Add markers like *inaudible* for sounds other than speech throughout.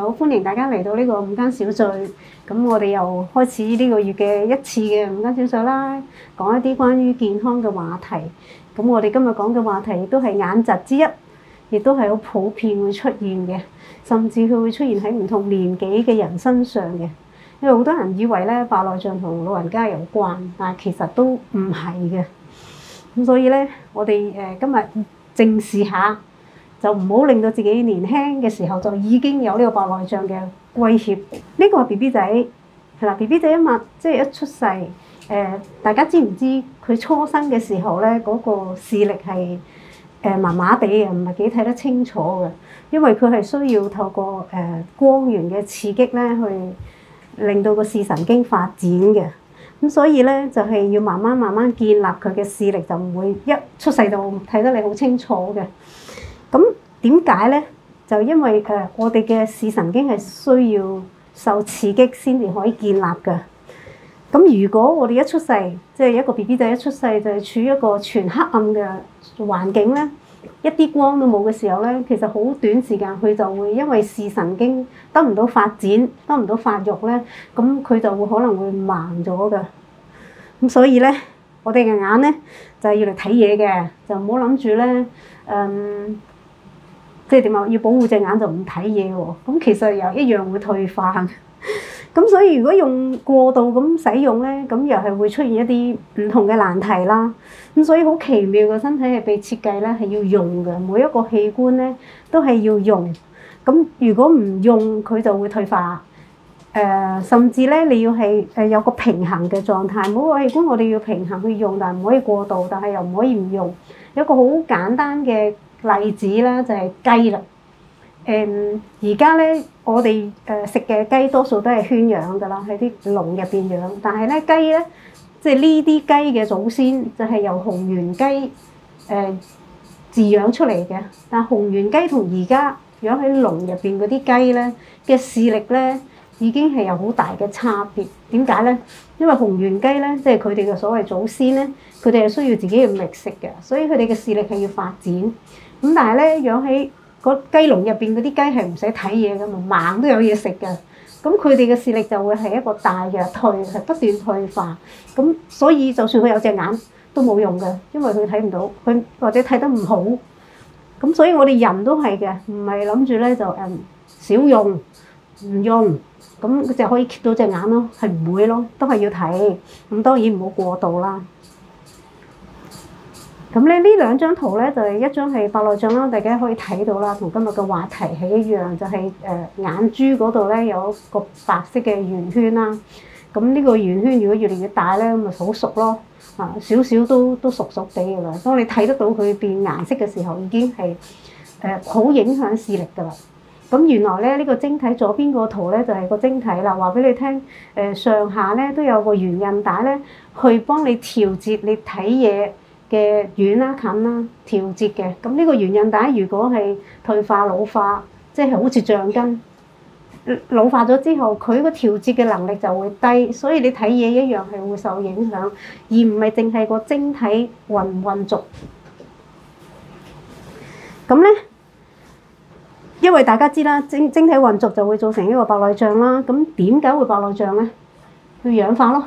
好歡迎大家嚟到呢個五間小聚，咁我哋又開始呢個月嘅一次嘅五間小聚啦，講一啲關於健康嘅話題。咁我哋今日講嘅話題亦都係眼疾之一，亦都係好普遍會出現嘅，甚至佢會出現喺唔同年紀嘅人身上嘅。因為好多人以為咧白內障同老人家有關，但係其實都唔係嘅。咁所以咧，我哋誒今日正視下。就唔好令到自己年輕嘅時候就已經有呢個白內障嘅威脅。呢、這個係 BB 仔係啦，BB 仔一物即係一出世，誒、呃、大家知唔知佢初生嘅時候咧嗰、那個視力係誒麻麻地嘅，唔係幾睇得清楚嘅。因為佢係需要透過誒、呃、光源嘅刺激咧，去令到個視神經發展嘅。咁所以咧就係、是、要慢慢慢慢建立佢嘅視力，就唔會一出世就睇得你好清楚嘅。咁點解咧？就因為誒，我哋嘅視神經係需要受刺激先至可以建立嘅。咁如果我哋一出世，即係一個 BB 仔一出世就處於一個全黑暗嘅環境咧，一啲光都冇嘅時候咧，其實好短時間佢就會因為視神經得唔到發展，得唔到發育咧，咁佢就會可能會盲咗嘅。咁所以咧，我哋嘅眼咧就係要嚟睇嘢嘅，就唔好諗住咧，嗯。即係點啊？要保護隻眼就唔睇嘢喎，咁其實又一樣會退化。咁所以如果用過度咁使用咧，咁又係會出現一啲唔同嘅難題啦。咁所以好奇妙嘅身體係被設計咧係要用嘅，每一個器官咧都係要用。咁如果唔用佢就會退化。誒、呃，甚至咧你要係誒有個平衡嘅狀態，每個器官我哋要平衡去用，但係唔可以過度，但係又唔可以唔用。有一個好簡單嘅例子啦就係雞啦，誒而家咧我哋誒食嘅雞多數都係圈養噶啦，喺啲籠入邊養。但係咧雞咧，即係呢啲雞嘅祖先就係由紅原雞誒飼、呃、養出嚟嘅。但紅原雞同而家養喺籠入邊嗰啲雞咧嘅視力咧已經係有好大嘅差別。點解咧？因為紅原雞咧，即係佢哋嘅所謂祖先咧，佢哋係需要自己去覓食嘅，所以佢哋嘅視力係要發展。咁但係咧，養喺個雞籠入邊嗰啲雞係唔使睇嘢嘅嘛，盲都有嘢食嘅。咁佢哋嘅視力就會係一個大嘅退，不斷退化。咁所以就算佢有隻眼都冇用嘅，因為佢睇唔到，佢或者睇得唔好。咁所以我哋人都係嘅，唔係諗住咧就誒少、嗯、用、唔用，咁就可以 keep 到隻眼咯，係唔會咯，都係要睇。咁當然唔好過度啦。咁咧呢兩張圖咧，就係、是、一張係白內障啦。大家可以睇到啦，同今日嘅話題係一樣，就係、是、誒眼珠嗰度咧有一個白色嘅圓圈啦。咁呢個圓圈如果越嚟越大咧，咁咪好熟咯。啊，少少都都熟熟哋嘅啦。當你睇得到佢變顏色嘅時候，已經係誒好影響視力噶啦。咁原來咧呢、這個晶體左邊個圖咧就係、是、個晶體啦。話俾你聽，誒、呃、上下咧都有個圓印帶咧，去幫你調節你睇嘢。嘅遠啦近啦、啊、調節嘅，咁、這、呢個圓韌帶如果係退化老化，即係好似橡筋老化咗之後，佢個調節嘅能力就會低，所以你睇嘢一樣係會受影響，而唔係淨係個晶體混唔混濁。咁咧，因為大家知啦，晶晶體混濁就會造成呢個白內障啦。咁點解會白內障咧？去氧化咯。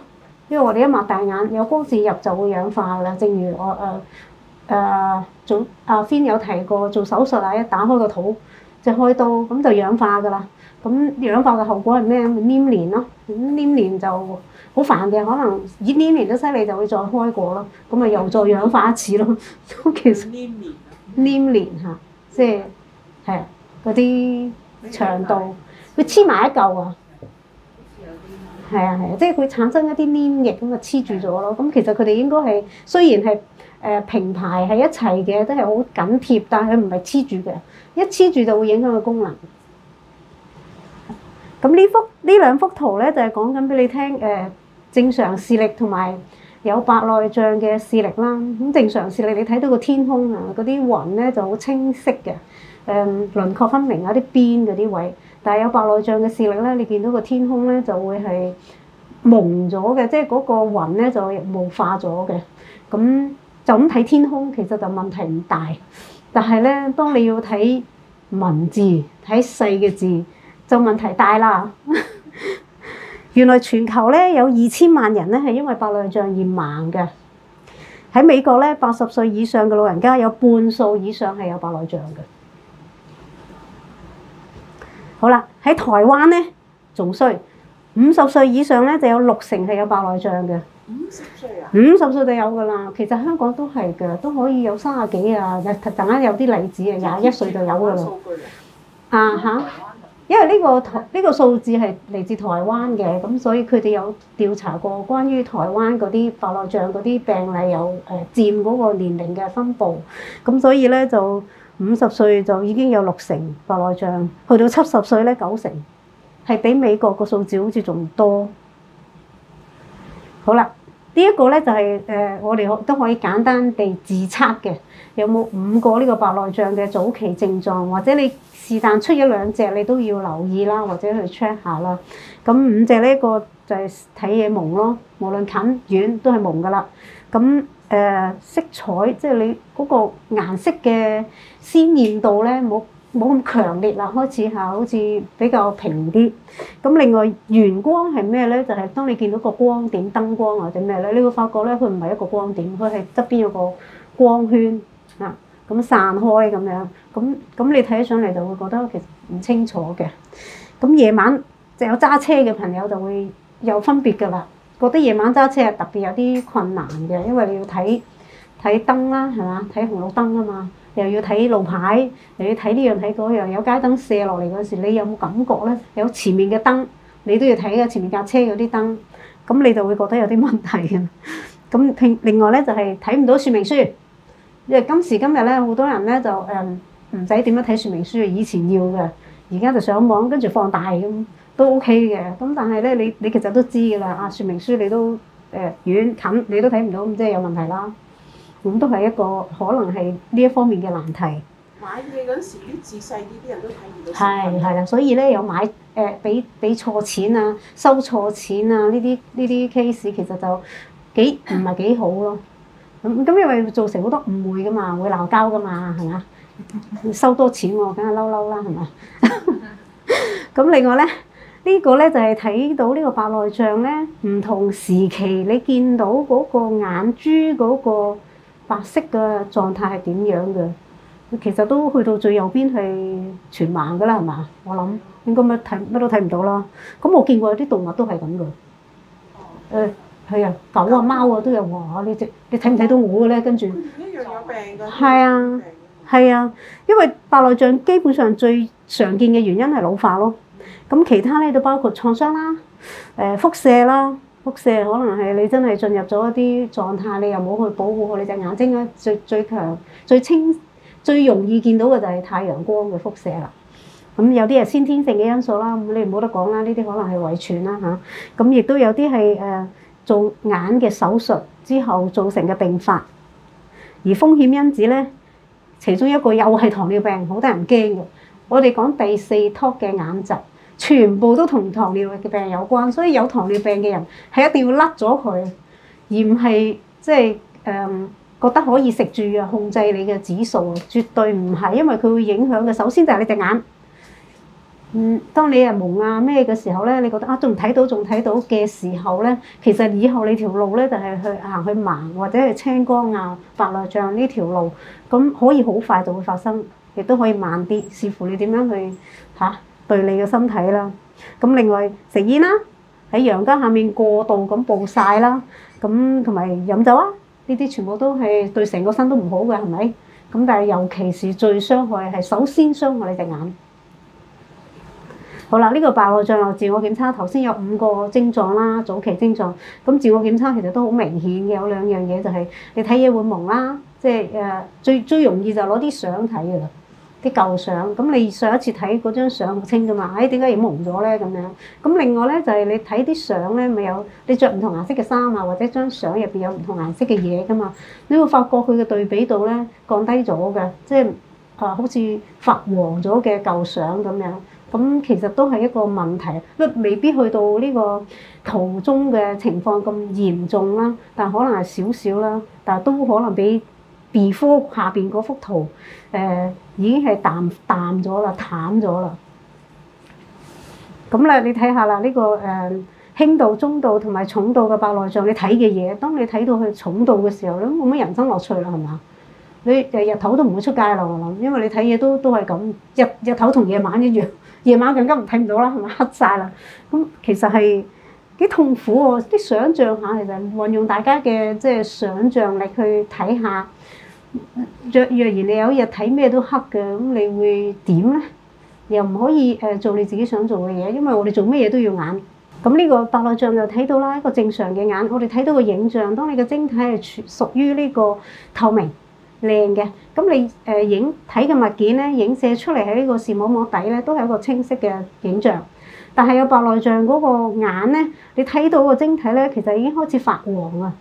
因為我哋一擘大眼，有光線入就會氧化啦。正如我誒誒、呃、做阿仙、啊、有提過，做手術啊，一打開個肚就開刀，咁就氧化噶啦。咁氧化嘅後果係咩？黏連咯，黏連就好煩嘅。可能以黏連都犀利，就會再開過咯。咁咪又再氧化一次咯。都其實黏連黏連吓，即係係嗰啲腸道，佢黐埋一嚿啊。係啊，係啊，即係佢產生一啲黏液咁啊，黐住咗咯。咁其實佢哋應該係雖然係誒、呃、平排喺一齊嘅，都係好緊貼，但係佢唔係黐住嘅。一黐住就會影響個功能。咁呢幅呢兩幅圖咧，就係、係、講緊俾你聽誒、呃、正常視力同埋。有白內障嘅視力啦，咁正常視力你睇到個天空啊，嗰啲雲咧就好清晰嘅，誒、嗯、輪廓分明有啲邊嗰啲位。但係有白內障嘅視力咧，你見到個天空咧就會係濛咗嘅，即係嗰個雲咧就霧化咗嘅。咁就咁睇天空其實就問題唔大，但係咧當你要睇文字睇細嘅字就問題大啦。 *laughs* 原來全球咧有二千萬人咧係因為白內障而盲嘅。喺美國咧，八十歲以上嘅老人家有半數以上係有白內障嘅。好啦，喺台灣咧仲衰，五十歲以上咧就有六成係有白內障嘅。五十歲啊？五十歲就有㗎喇。其實香港都係㗎，都可以有三十幾啊，突然間有啲例子啊，廿一歲就有㗎喇。啊吓？因為呢、這個台呢、這個數字係嚟自台灣嘅，咁所以佢哋有調查過關於台灣嗰啲白內障嗰啲病例，有誒佔嗰個年齡嘅分佈，咁所以咧就五十歲就已經有六成白內障，去到七十歲咧九成，係比美國個數字好似仲多。好啦，呢、這、一個咧就係、是、誒、呃、我哋都可以簡單地自測嘅，有冇五個呢個白內障嘅早期症狀，或者你？是但出一兩隻你都要留意啦，或者去 check 下啦。咁五隻呢個就係睇嘢蒙咯，無論近遠都係蒙噶啦。咁誒、呃、色彩即係、就是、你嗰個顏色嘅鮮豔度咧，冇冇咁強烈啦，開始嚇好似比較平啲。咁另外圓光係咩咧？就係、是、當你見到個光點燈光或者咩咧，你會發覺咧佢唔係一個光點，佢係側邊有個光圈啊。咁散開咁樣，咁咁你睇上嚟就會覺得其實唔清楚嘅。咁夜晚就有揸車嘅朋友就會有分別㗎喇。覺得夜晚揸車係特別有啲困難嘅，因為你要睇睇燈啦，係嘛？睇紅綠燈啊嘛，又要睇路牌，又要睇呢樣睇嗰樣。有街燈射落嚟嗰時，你有冇感覺咧？有前面嘅燈，你都要睇嘅，前面架車嗰啲燈。咁你就會覺得有啲問題嘅。咁另另外咧就係睇唔到說明書。即係今時今日咧，好多人咧就誒唔使點樣睇説明書，以前要嘅，而家就上網跟住放大咁都 OK 嘅。咁但係咧，你你其實都知噶啦，啊説明書你都誒遠近你都睇唔到，咁即係有問題啦。咁、嗯、都係一個可能係呢一方面嘅難題。買嘢嗰時啲字細啲，啲人都睇唔到。係係啦，所以咧有買誒俾俾錯錢啊、收錯錢啊呢啲呢啲 case 其實就幾唔係 *coughs* 幾好咯、啊。咁咁因為造成好多誤會噶嘛，會鬧交噶嘛，係嘛？收多錢我梗係嬲嬲啦，係咪？咁 *laughs* 另外咧，呢、呢個咧就係睇到呢個白內障咧，唔同時期你見到嗰個眼珠嗰個白色嘅狀態係點樣嘅？其實都去到最右邊係全盲噶啦，係嘛？我諗應該乜睇乜都睇唔到囉。咁我見過有啲動物都係咁嘅，誒、欸。係啊，狗啊、貓啊都有喎，你隻你睇唔睇到我嘅咧？跟住一樣有病㗎。係 *music* 啊，係啊，因為白內障基本上最常見嘅原因係老化咯。咁其他咧都包括創傷啦、誒、呃、輻射啦，輻射可能係你真係進入咗一啲狀態，你又冇去保護好你隻眼睛咧。最最強、最清、最容易見到嘅就係太陽光嘅輻射啦。咁有啲係先天性嘅因素啦，咁你冇得講啦，呢啲可能係遺傳啦嚇。咁亦都有啲係誒。呃做眼嘅手術之後造成嘅病發，而風險因子咧，其中一個又係糖尿病，好多人驚嘅。我哋講第四託嘅眼疾，全部都同糖尿病有關，所以有糖尿病嘅人係一定要甩咗佢，而唔係即係誒、呃、覺得可以食住藥控制你嘅指數，絕對唔係，因為佢會影響嘅。首先就係你隻眼。嗯，當你啊蒙啊咩嘅時候咧，你覺得啊仲睇到仲睇到嘅時候咧，其實以後你條路咧就係、是、去行、啊、去盲或者係青光啊白內障呢條路，咁可以好快就會發生，亦都可以慢啲，視乎你點樣去嚇、啊、對你嘅身體啦。咁另外食煙啦，喺陽光下面過度咁暴曬啦，咁同埋飲酒啊，呢啲全部都係對成個身都唔好嘅，係咪？咁但係尤其是最傷害係首先傷害你隻眼。好啦，呢個白內障嘅自我檢測，頭先有五個症狀啦，早期症狀。咁自我檢測其實都好明顯嘅，有兩樣嘢就係你睇嘢會朦啦，即係誒最最容易就攞啲相睇啊，啲舊相。咁你上一次睇嗰張相好清㗎嘛？誒點解要朦咗咧？咁樣。咁另外咧就係你睇啲相咧，咪有你着唔同顏色嘅衫啊，或者張相入邊有唔同顏色嘅嘢㗎嘛？你會發覺佢嘅對比度咧降低咗嘅，即係啊好似發黃咗嘅舊相咁樣。咁其實都係一個問題，不過未必去到呢個途中嘅情況咁嚴重啦，但可能係少少啦，但都可能比 B 科下邊嗰幅圖誒、呃、已經係淡淡咗啦、淡咗啦。咁啦，你睇下啦，呢、這個誒、呃、輕度、中度同埋重度嘅白內障，你睇嘅嘢，當你睇到佢重度嘅時候咧，冇乜人生樂趣啦，係嘛？你日日頭都唔會出街咯，我諗，因為你睇嘢都都係咁，日日頭同夜晚一樣。夜晚更加唔睇唔到啦，係咪黑晒啦？咁其實係幾痛苦喎！啲想像下，其實運用大家嘅，即係想像力去睇下，若若然你有一日睇咩都黑嘅，咁你會點咧？又唔可以誒做你自己想做嘅嘢，因為我哋做咩嘢都要眼。咁呢個白內障就睇到啦，一個正常嘅眼，我哋睇到個影像。當你嘅晶體係屬屬於呢個透明。靚嘅，咁你誒影睇嘅物件咧，影射出嚟喺呢個視網膜底咧，都係一個清晰嘅影像。但係有白內障嗰個眼咧，你睇到個晶體咧，其實已經開始發黃喇，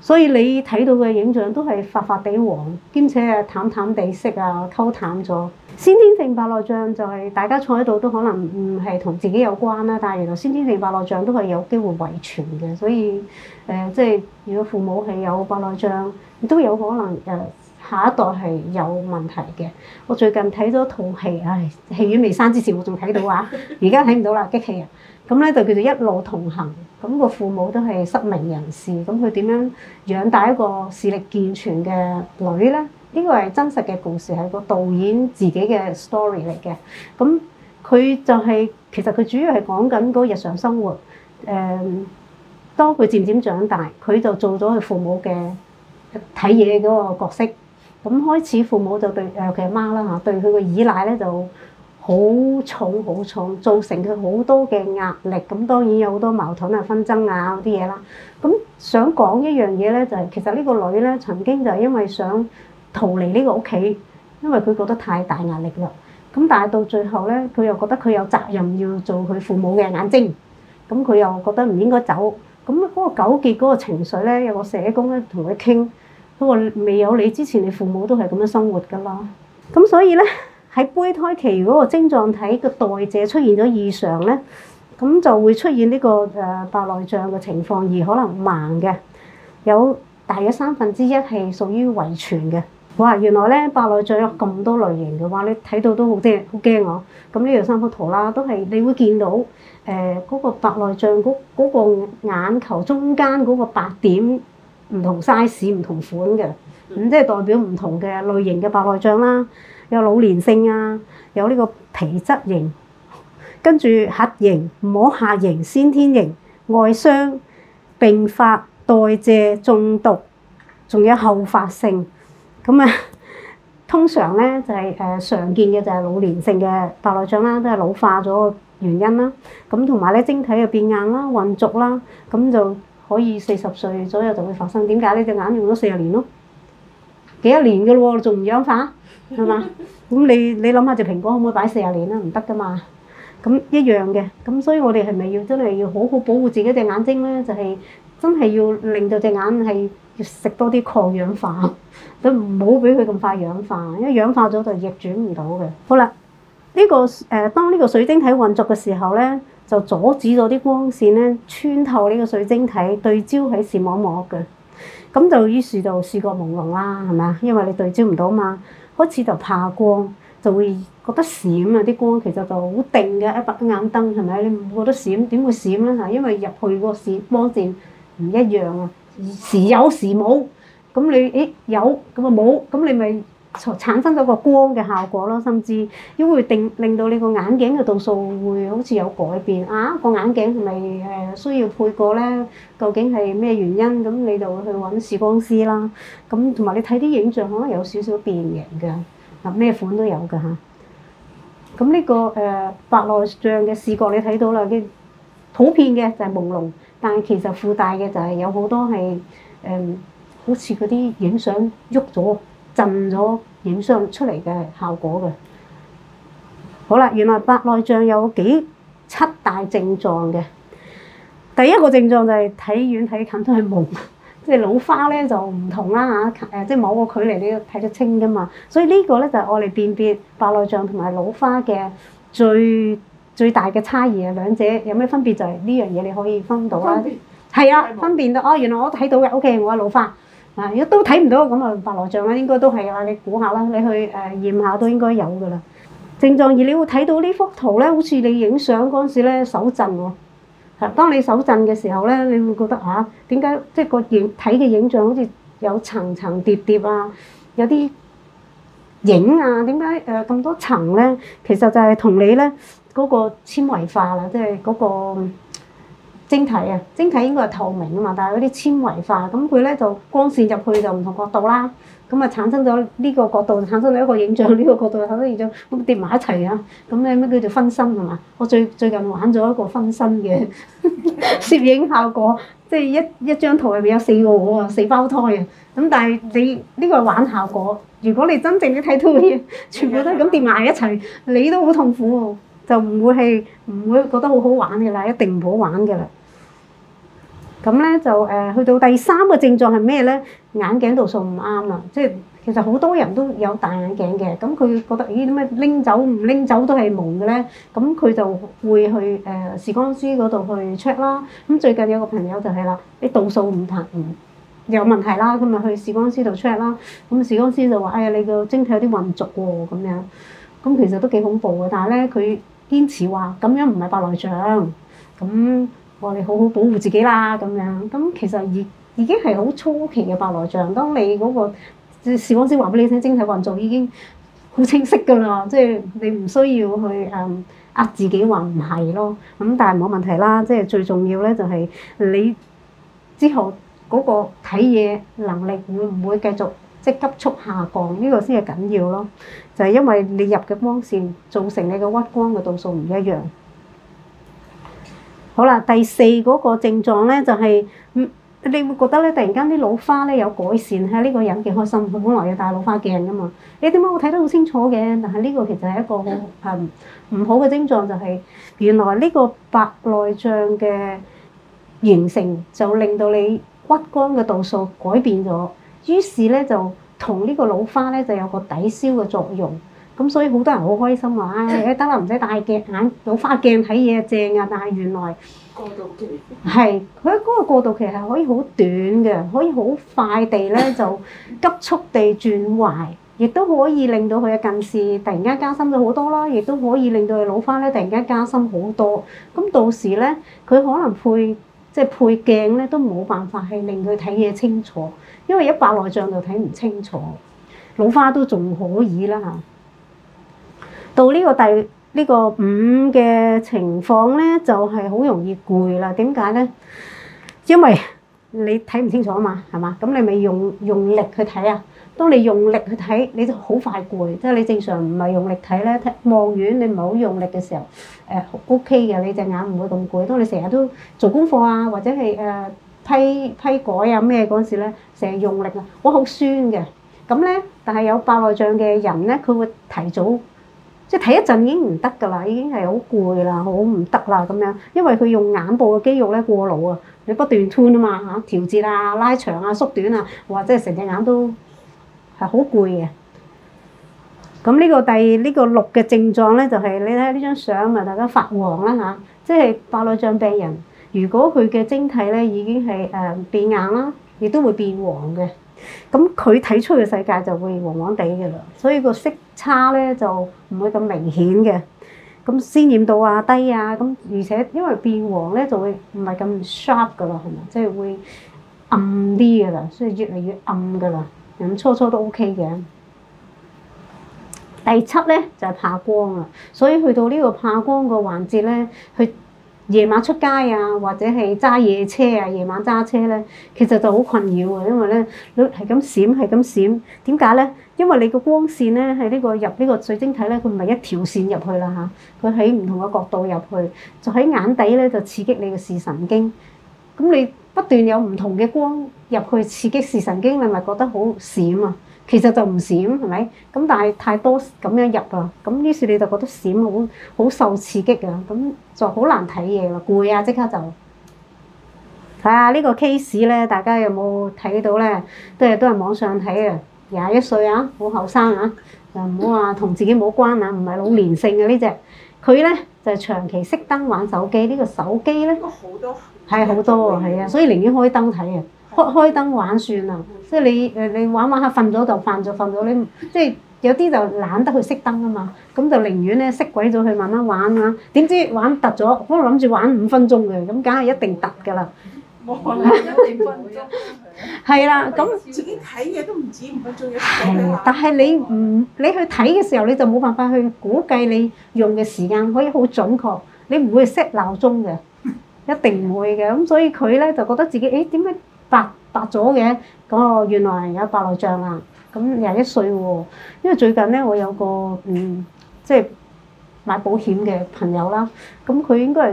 所以你睇到嘅影像都係發發地黃，兼且啊淡淡地色啊，溝淡咗。先天性白內障就係、是、大家坐喺度都可能唔係同自己有關啦，但係原來先天性白內障都係有機會遺傳嘅，所以誒、呃、即係如果父母係有白內障，亦都有可能誒。呃下一代係有問題嘅。我最近睇咗套戲，唉、哎，戲院未閂之前我仲睇到啊，而家睇唔到啦，激氣啊！咁咧就叫做一路同行。咁個父母都係失明人士，咁佢點樣養大一個視力健全嘅女咧？呢個係真實嘅故事，係個導演自己嘅 story 嚟嘅。咁佢就係、是、其實佢主要係講緊嗰日常生活。誒、嗯，當佢漸漸長大，佢就做咗佢父母嘅睇嘢嗰個角色。咁開始父母就對，尤其阿媽啦嚇，對佢個依賴咧就好重好重，造成佢好多嘅壓力。咁當然有好多矛盾啊、紛爭啊嗰啲嘢啦。咁想講一樣嘢咧，就係其實呢個女咧曾經就係因為想逃離呢個屋企，因為佢覺得太大壓力啦。咁但係到最後咧，佢又覺得佢有責任要做佢父母嘅眼睛。咁佢又覺得唔應該走。咁、那、嗰個糾結嗰個情緒咧，有個社工咧同佢傾。不過未有你之前，你父母都係咁樣生活噶啦。咁所以咧，喺胚胎期嗰個晶狀體嘅代謝出現咗異常咧，咁就會出現呢個誒白內障嘅情況，而可能盲嘅，有大約三分之一係屬於遺傳嘅。哇！原來咧白內障有咁多類型嘅話，你睇到都好驚，好驚我。咁呢樣三幅圖啦，都係你會見到誒嗰、呃嗰個白內障嗰嗰、嗰個眼球中間嗰個白點。唔同 size 唔同款嘅，咁即係代表唔同嘅類型嘅白內障啦，有老年性啊，有呢個皮質型，跟住核型、唔好蝕型、先天型、外傷、併發、代謝、中毒，仲有後發性。咁啊，通常咧就係、是、誒、呃、常見嘅就係老年性嘅白內障啦，都係老化咗嘅原因啦。咁同埋咧晶體又變硬啦、混濁啦，咁就。可以四十歲左右就會發生，點解呢隻眼用咗四十年咯，幾多年噶咯喎，仲唔氧化係嘛？咁你你諗下隻蘋果可唔可以擺四十年啊？唔得噶嘛。咁一樣嘅，咁所以我哋係咪要真係要好好保護自己隻眼睛咧？就係真係要令到隻眼係食多啲抗氧化，都唔好俾佢咁快氧化，因為氧化咗就逆轉唔到嘅。好啦，呢、呢個誒、呃、當呢個水晶體混濁嘅時候咧。就阻止咗啲光線咧穿透呢個水晶體對焦喺視網膜嘅，咁就於是就視覺朦朧啦，係咪啊？因為你對焦唔到嘛，開始就怕光，就會覺得閃啊！啲光其實就好定嘅，一百個眼燈係咪？你唔覺得閃，點會閃咧？係因為入去個視光線唔一樣啊，時有時冇。咁你誒有，咁啊冇，咁你咪。就產生咗個光嘅效果咯，甚至因為定令到你個眼鏡嘅度數會好似有改變啊，個眼鏡係咪誒需要配過咧？究竟係咩原因？咁你就去揾視光師啦。咁同埋你睇啲影像可能有少少變形嘅啊，咩款都有㗎嚇。咁呢個誒白內障嘅視覺你睇到啦，啲普遍嘅就係朦朧，但係其實附帶嘅就係有好多係誒、呃，好似嗰啲影相喐咗。浸咗影相出嚟嘅效果嘅，好啦，原來白內障有幾七大症狀嘅。第一個症狀就係睇遠睇近都係朦，即係老花咧就唔同啦嚇，誒、啊、即係某個距離你都睇得清噶嘛。所以個呢個咧就我、是、哋辨別白內障同埋老花嘅最最大嘅差異兩、就是、辨啊，兩者有咩分別就係呢樣嘢你可以分到啦。係啊，分辨到哦、啊，原來我睇到嘅。O、OK, K，我係老花。啊！都睇唔到咁啊，白羅象啦，應該都係啊，你估下啦，你去誒驗下都應該有噶啦。症狀二，你會睇到呢幅圖咧，好似你影相嗰陣咧，手震喎。嗱，當你手震嘅時候咧，你會覺得吓，點解即係個影睇嘅影像好似有層層疊疊啊，有啲影啊，點解誒咁多層咧？其實就係同你咧嗰個纖維化啦，即係嗰個。晶體啊，晶體應該係透明㗎嘛，但係嗰啲纖維化，咁佢咧就光線入去就唔同角度啦，咁啊產生咗呢個角度產生咗一個影像，呢、這個角度產生影像咁疊埋一齊啊，咁咧咩叫做分身啊嘛？我最最近玩咗一個分身嘅 *laughs* 攝影效果，即係一一張圖入面有四個我啊，四胞胎啊，咁但係你呢、這個係玩效果，如果你真正啲睇到嘅嘢全部都咁疊埋一齊，你都好痛苦，就唔會係唔會覺得好好玩嘅啦，一定唔好玩嘅啦。咁咧就誒、呃、去到第三個症狀係咩咧？眼鏡度數唔啱啦，即係其實好多人都有戴眼鏡嘅，咁佢覺得咦點解拎走唔拎走都係蒙嘅咧？咁、嗯、佢就會去誒視、呃、光師嗰度去 check 啦。咁最近有個朋友就係、是、啦，你度數唔合有問題啦，咁咪去視光師度 check 啦。咁視光師就話：哎呀，你個晶體有啲混濁喎咁樣。咁其實都幾恐怖嘅，但係咧佢堅持話咁樣唔係白內障咁。我哋好好保護自己啦，咁樣咁其實已已經係好初期嘅白內障。當你嗰個視光師話俾你聽，晶體運作已經好清晰㗎啦，即係你唔需要去誒呃、嗯、自己話唔係咯。咁但係冇問題啦，即係最重要咧就係、是、你之後嗰個睇嘢能力會唔會繼續即係急速下降？呢、這個先係緊要咯。就係、是、因為你入嘅光線造成你嘅屈光嘅度數唔一樣。好啦，第四嗰個症狀咧就係，嗯，你會覺得咧，突然間啲老花咧有改善，嚇、這、呢個人幾開心，佢本來要戴老花鏡噶嘛，你點解我睇得好清楚嘅？但係呢個其實係一個係唔、嗯、好嘅症狀，就係、是、原來呢個白內障嘅形成就令到你屈光嘅度數改變咗，於是咧就同呢個老花咧就有個抵消嘅作用。咁所以好多人好開心話，唉得啦，唔使戴鏡眼老花鏡睇嘢正啊！但係原來過渡期係佢嗰個過渡期係可以好短嘅，可以好快地咧就急速地轉壞，亦都可以令到佢嘅近視突然間加深咗好多啦，亦都可以令到佢老花咧突然間加深好多。咁到時咧，佢可能配即係配鏡咧都冇辦法係令佢睇嘢清楚，因為一白內障就睇唔清楚，老花都仲可以啦嚇。到呢個第、這個、呢個五嘅情況咧，就係、是、好容易攰啦。點解咧？因為你睇唔清楚啊嘛，係嘛？咁你咪用用力去睇啊！當你用力去睇，你就好快攰。即係你正常唔係用力睇咧，睇望遠你唔係好用力嘅時候，誒 O K 嘅，你隻眼唔會咁攰。當你成日都做功課啊，或者係誒、呃、批批改啊咩嗰陣時咧，成日用力啊，我好酸嘅。咁咧，但係有白內障嘅人咧，佢會提早。即係睇一陣已經唔得噶啦，已經係好攰啦，好唔得啦咁樣。因為佢用眼部嘅肌肉咧過勞啊，你不斷㩈啊嘛吓，調節啊、拉長啊、縮短啊，或者係成隻眼都係好攰嘅。咁呢個第呢、這個六嘅症狀咧，就係、是、你睇呢張相咪大家發黃啦、啊、吓、啊，即係白內障病人如果佢嘅晶體咧已經係誒、呃、變硬啦，亦都會變黃嘅。咁佢睇出嘅世界就會黃黃地嘅啦，所以個色差咧就唔會咁明顯嘅。咁鮮豔度啊低啊，咁而且因為變黃咧就會唔係咁 sharp 噶啦，係咪？即係會暗啲噶啦，所以越嚟越暗噶啦。咁初初都 OK 嘅。第七咧就係怕光啦，所以去到呢個怕光個環節咧去。夜晚出街啊，或者係揸夜車啊，夜晚揸車咧，其實就好困擾啊，因為咧，你係咁閃係咁閃，點解咧？因為你個光線咧喺呢個入呢個水晶體咧，佢唔係一條線入去啦嚇，佢喺唔同嘅角度入去，就喺眼底咧就刺激你嘅視神經，咁你不斷有唔同嘅光入去刺激視神經，你咪覺得好閃啊！其實就唔閃，係咪？咁但係太多咁樣入啊，咁於是你就覺得閃好好受刺激啊，咁就好難睇嘢啦，攰啊！即刻就睇下呢個 case 咧，大家有冇睇到咧？都係都係網上睇啊，廿一歲啊，好後生啊，就唔好話同自己冇關啊，唔係老年性嘅呢隻。佢咧就長期熄燈玩手機，呢個手機咧，應該好多係好多啊，係啊，所以寧願開燈睇啊。開開燈玩算啦，即係你誒你玩玩下，瞓咗就瞓咗瞓咗你即係有啲就懶得去熄燈啊嘛，咁就寧願咧熄鬼咗去慢慢玩啦、啊。點知玩突咗？可能諗住玩五分鐘嘅，咁梗係一定突㗎啦。冇可能五分鐘。係啦，咁自己睇嘢都唔止唔係，仲有啲嘢，但係你唔你去睇嘅時候，你就冇辦法去估計你用嘅時間，可以好準確。你唔會 set 鬧鐘嘅，一定唔會嘅。咁所以佢咧就覺得自己誒點解？欸白白咗嘅，嗰個原來有白內障啦，咁廿一歲喎。因為最近咧，我有個嗯，即係買保險嘅朋友啦，咁佢應該係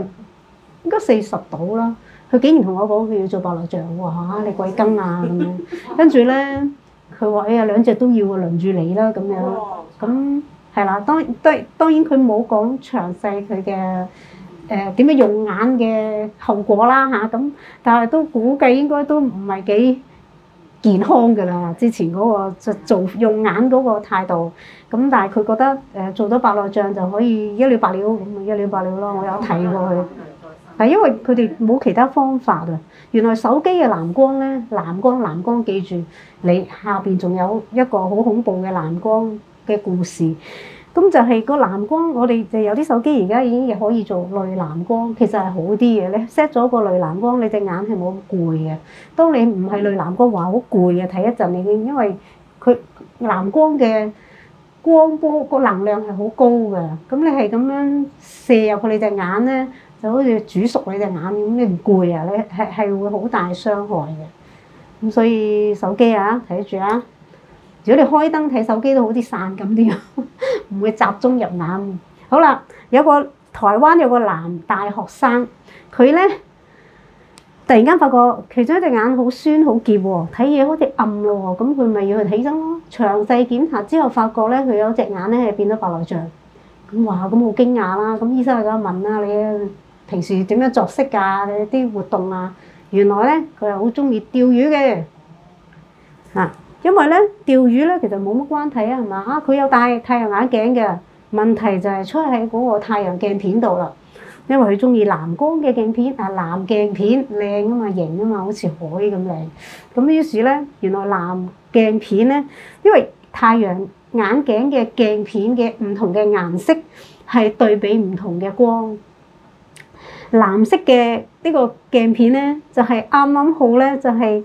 應該四十到啦。佢竟然同我講，佢要做白內障喎嚇，你鬼跟啊咁樣。跟住咧，佢話：哎、欸、呀，兩隻都要啊，輪住你啦咁樣。咁係啦，當當當然佢冇講詳細佢嘅。誒點、呃、樣用眼嘅後果啦嚇咁，但係都估計應該都唔係幾健康㗎啦。之前嗰個就做用眼嗰個態度，咁但係佢覺得誒、呃、做到白內障就可以一了百了，咁一了百了咯。我有睇過佢，但係因為佢哋冇其他方法啊。原來手機嘅藍光咧，藍光藍光，記住你下邊仲有一個好恐怖嘅藍光嘅故事。咁就係個藍光，我哋就有啲手機而家已經可以做濾藍光，其實係好啲嘅。你 set 咗個濾藍光，你隻眼係冇咁攰嘅。當你唔係濾藍光話好攰啊，睇一陣你，已經因為佢藍光嘅光波個能量係好高嘅。咁你係咁樣射入去你隻眼咧，就好似煮熟你隻眼咁，你唔攰啊？你係係會好大傷害嘅。咁所以手機啊，睇住啊！如果你開燈睇手機都好似散咁啲，唔會集中入眼。好啦，有個台灣有個男大學生，佢咧突然間發覺其中一隻眼好酸好澀喎，睇嘢好似暗咯，咁佢咪要去睇醫生咯。詳細檢查之後，發覺咧佢有隻眼咧係變咗白內障。咁話咁好驚訝啦！咁醫生就問啦：你平時點樣作息㗎？你啲活動啊？原來咧佢係好中意釣魚嘅嗱。因為咧釣魚咧其實冇乜關係啊，係嘛？啊，佢有戴太陽眼鏡嘅問題就係出喺嗰個太陽鏡片度啦。因為佢中意藍光嘅鏡片啊，藍鏡片靚啊嘛，型啊嘛，好似海咁靚。咁於是咧，原來藍鏡片咧，因為太陽眼鏡嘅鏡片嘅唔同嘅顏色係對比唔同嘅光，藍色嘅呢個鏡片咧就係啱啱好咧就係、係。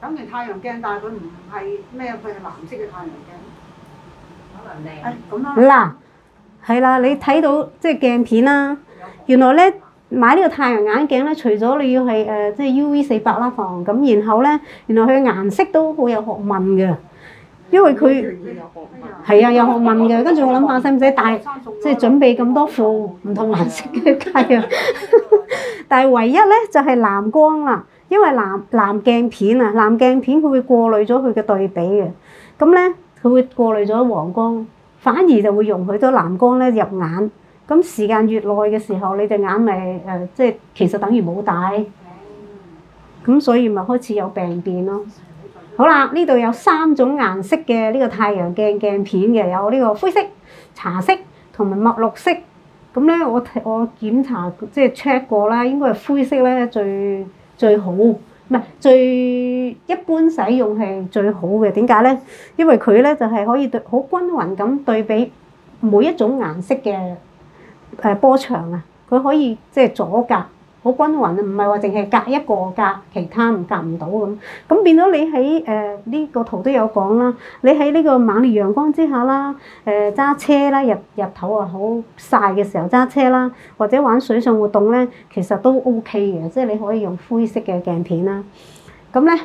咁你太陽鏡戴，但係佢唔係咩，佢係藍色嘅太陽鏡，可能靚。咁啦。嗱，係啦，你睇到即係鏡片啦。原來咧買呢個太陽眼鏡咧，除咗你要係誒即係 U V 四百啦房咁然後咧，原來佢顏色都好有學問嘅，因為佢係啊有學問嘅。跟住我諗下，使唔使帶即係準備咁多副唔同顏色嘅太陽？但係唯一咧就係藍光啦。因為藍藍鏡片啊，藍鏡片佢會過濾咗佢嘅對比嘅，咁咧佢會過濾咗黃光，反而就會容許咗藍光咧入眼。咁時間越耐嘅時候，你隻眼咪誒、呃、即係其實等於冇戴，咁所以咪開始有病變咯。好啦，呢度有三種顏色嘅呢個太陽鏡鏡片嘅，有呢個灰色、茶色同埋墨綠色。咁咧我我檢查即係 check 過啦，應該係灰色咧最。最好唔係，最一般使用係最好嘅，點解呢？因為佢呢就係可以對好均勻咁對比每一種顏色嘅、呃、波長啊，佢可以即係阻隔。好均勻啊，唔係話淨係隔一個隔其他，唔隔唔到咁。咁變咗你喺誒呢個圖都有講啦。你喺呢個猛烈陽光之下啦，誒、呃、揸車啦，日日頭啊好曬嘅時候揸車啦，或者玩水上活動咧，其實都 O K 嘅，即係你可以用灰色嘅鏡片啦。咁咧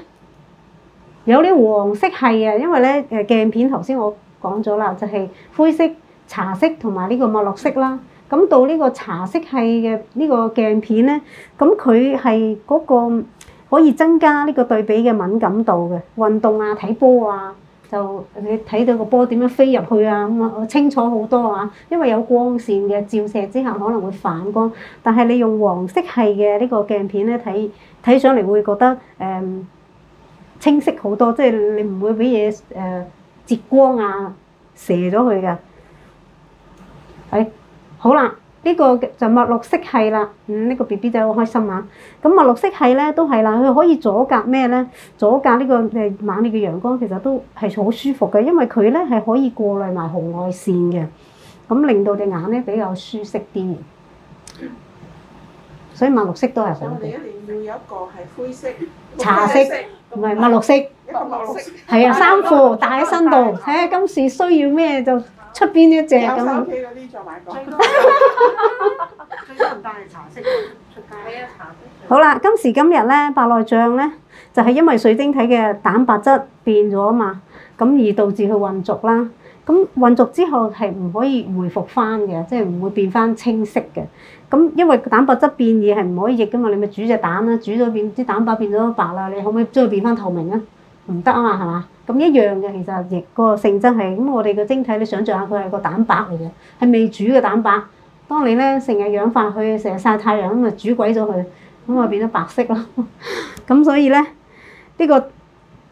有啲黃色係啊，因為咧誒鏡片頭先我講咗啦，就係、是、灰色、茶色同埋呢個墨綠色啦。咁到呢個茶色系嘅呢個鏡片咧，咁佢係嗰個可以增加呢個對比嘅敏感度嘅，運動啊、睇波啊，就你睇到個波點樣飛入去啊，咁啊清楚好多啊，因為有光線嘅照射之下可能會反光，但係你用黃色系嘅呢個鏡片咧睇，睇上嚟會覺得誒、呃、清晰好多，即係你唔會俾嘢誒折光啊射咗佢嘅，係。哎好啦，呢個就墨綠色系啦。嗯，呢個 BB 仔好開心啊。咁墨綠色系咧都係啦，佢可以阻隔咩咧？阻隔呢個誒猛烈嘅陽光，其實都係好舒服嘅，因為佢咧係可以過濾埋紅外線嘅，咁令到隻眼咧比較舒適啲。所以墨綠色都係好。我哋一定要有一個係灰色、茶色，唔係墨綠色。一個墨綠色。係啊，衫褲戴喺身度，睇下今時需要咩就。出邊一隻咁，有手機嗰啲再買個。最近帶嚟茶色出街。係啊，茶色。好啦，今時今日咧，白內障咧就係、是、因為水晶體嘅蛋白質變咗啊嘛，咁而導致佢混濁啦。咁、嗯、混濁之後係唔可以回復翻嘅，即係唔會變翻清晰嘅。咁因為蛋白質變異係唔可以逆嘅嘛，你咪煮隻蛋啦，煮咗變啲蛋白變咗白啦，你可唔可以將佢變翻透明啊？唔得啊嘛，係嘛？咁一樣嘅，其實嗰個性質係咁。我哋嘅晶體你想像下，佢係個蛋白嚟嘅，係未煮嘅蛋白。當你呢成日氧化佢，成日曬太陽咁啊煮鬼咗佢，咁啊變咗白色咯。咁 *laughs* 所以呢呢、呢個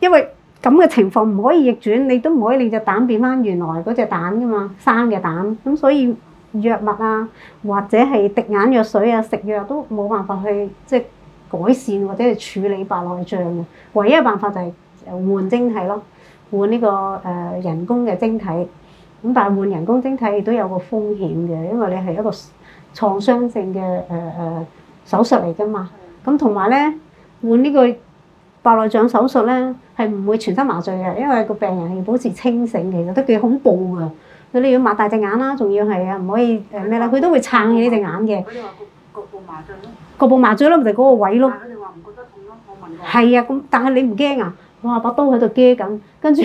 因為咁嘅情況唔可以逆轉，你都唔可以令蛋隻蛋變返原來嗰隻蛋㗎嘛，生嘅蛋。咁所以藥物啊，或者係滴眼藥水啊，食藥都冇辦法去即係、就是、改善或者係處理白內障嘅。唯一嘅辦法就係、是。又換晶體咯，換呢個誒人工嘅晶體，咁但係換人工晶體亦都有個風險嘅，因為你係一個創傷性嘅誒誒手術嚟㗎嘛。咁同埋咧，換呢個白內障手術咧，係唔會全身麻醉嘅，因為個病人係要保持清醒，其實都幾恐怖㗎。你你要擘大隻眼啦，仲要係啊唔可以誒咩啦，佢都會撐起呢隻眼嘅。你話個局部麻醉咯？局部麻醉咯，咪就係嗰個位咯。你話唔覺得痛咯？我問過。係啊，咁但係你唔驚啊？我話把刀喺度鋸緊，跟住